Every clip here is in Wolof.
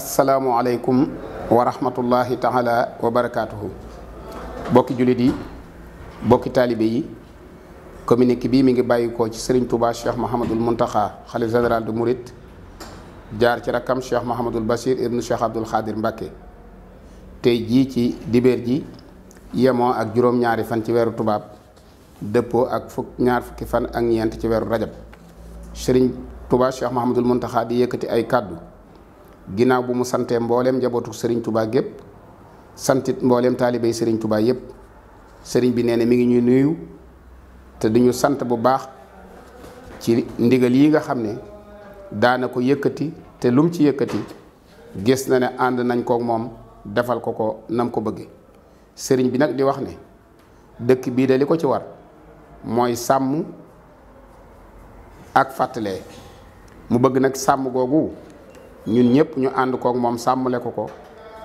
asalaamualeykum wa rahmatullahi taala wa barakaatuhu bokki jullit yi bokki taalibe yi communiqué bii mi ngi bàyyikoo ci sëriñ Touba Cheikh Mahamadul Muntaxa xalif général de Mouride jaar ci rakkam Cheikh Mahamadul Bachir ibnu Cheikh Abdoul Xaadir Mbacke tey jii ci dibeer ji yemoo ak juróom-ñaari fan ci weeru tubaab dëppoo ak fukk ñaar fukki fan ak ñeent ci weeru rajab sëriñ Touba Cheikh Mahamadul Muntaxa di yëkkati ay kàddu ginnaaw bi mu santee mbooleem njabootu sëriñ tubaa gépp santit mbooleem taalibey sëriñ tubaa yépp sëriñ bi nee na mi ngi ñuy nuyu te duñu sant bu baax ci ndigal yi nga xam ne daana ko yëkkati te lum ci yëkkati gis na ne ànd nañ kook moom defal ko ko nam ko bëgge sëriñ bi nag di wax ne dëkk bii de li ko ci war mooy sàmm ak fàttale mu bëgg nag sàmm googu ñun ñëpp ñu ànd kook moom sàmmale ko ko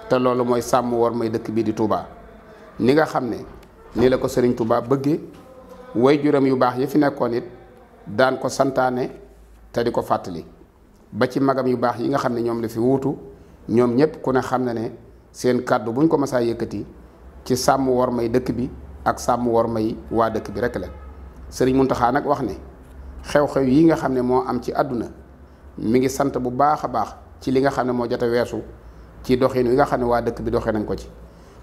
te loolu mooy sàmm war may dëkk bii di Touba ni nga xam ne ni la ko Serigne Touba bëggee way juram yu baax yi fi nekkoon it daan ko santaane te di ko fàttali ba ci magam yu baax yi nga xam ne ñoom la fi wuutu ñoom ñëpp ku ne xam ne ne seen kàddu buñ ko masaa yëkkati ci sàmm war may dëkk bi ak sàmm war may waa dëkk bi rekk la sëriñ Serigne Mountakha nag wax ne xew-xew yi nga xam ne moo am ci àdduna mu ngi sant bu baax a baax. ci li nga xam ne moo jote weesu ci doxin wi nga xam ne waa dëkk bi doxee nañ ko ci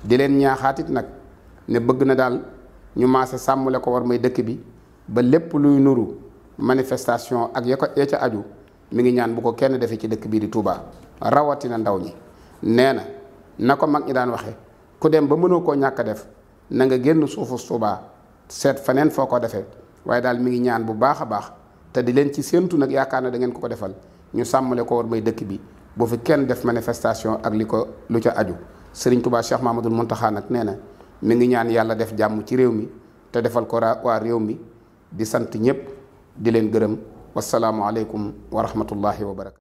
di leen ñaaxaatit nag ne bëgg na daal ñu maase sàmmule ko war may dëkk bi ba lépp luy nuru manifestation ak ya ko ya ca aju mi ngi ñaan bu ko kenn defee ci dëkk bii di Touba rawatina ndaw ñi nee na na ko mag ñi daan waxe ku dem ba mënoo koo ñàkk a def na nga génn suufu Touba seet faneen foo ko defee waaye daal mi ngi ñaan bu baax a baax te di leen ci séentu nag yaakaar na da ngeen ko ko defal ñu sàmmale ko war may dëkk bi boo fi kenn def manifestation ak li ko lu ca aju sëriñ Touba Cheikh Mahmadul Muntaxa nag nee na mi ngi ñaan yàlla def jàmm ci réew mi te defal ko waa réew mi di sant ñépp di leen gërëm wasalaamu aleykum wa rahmatullahi wa barakatu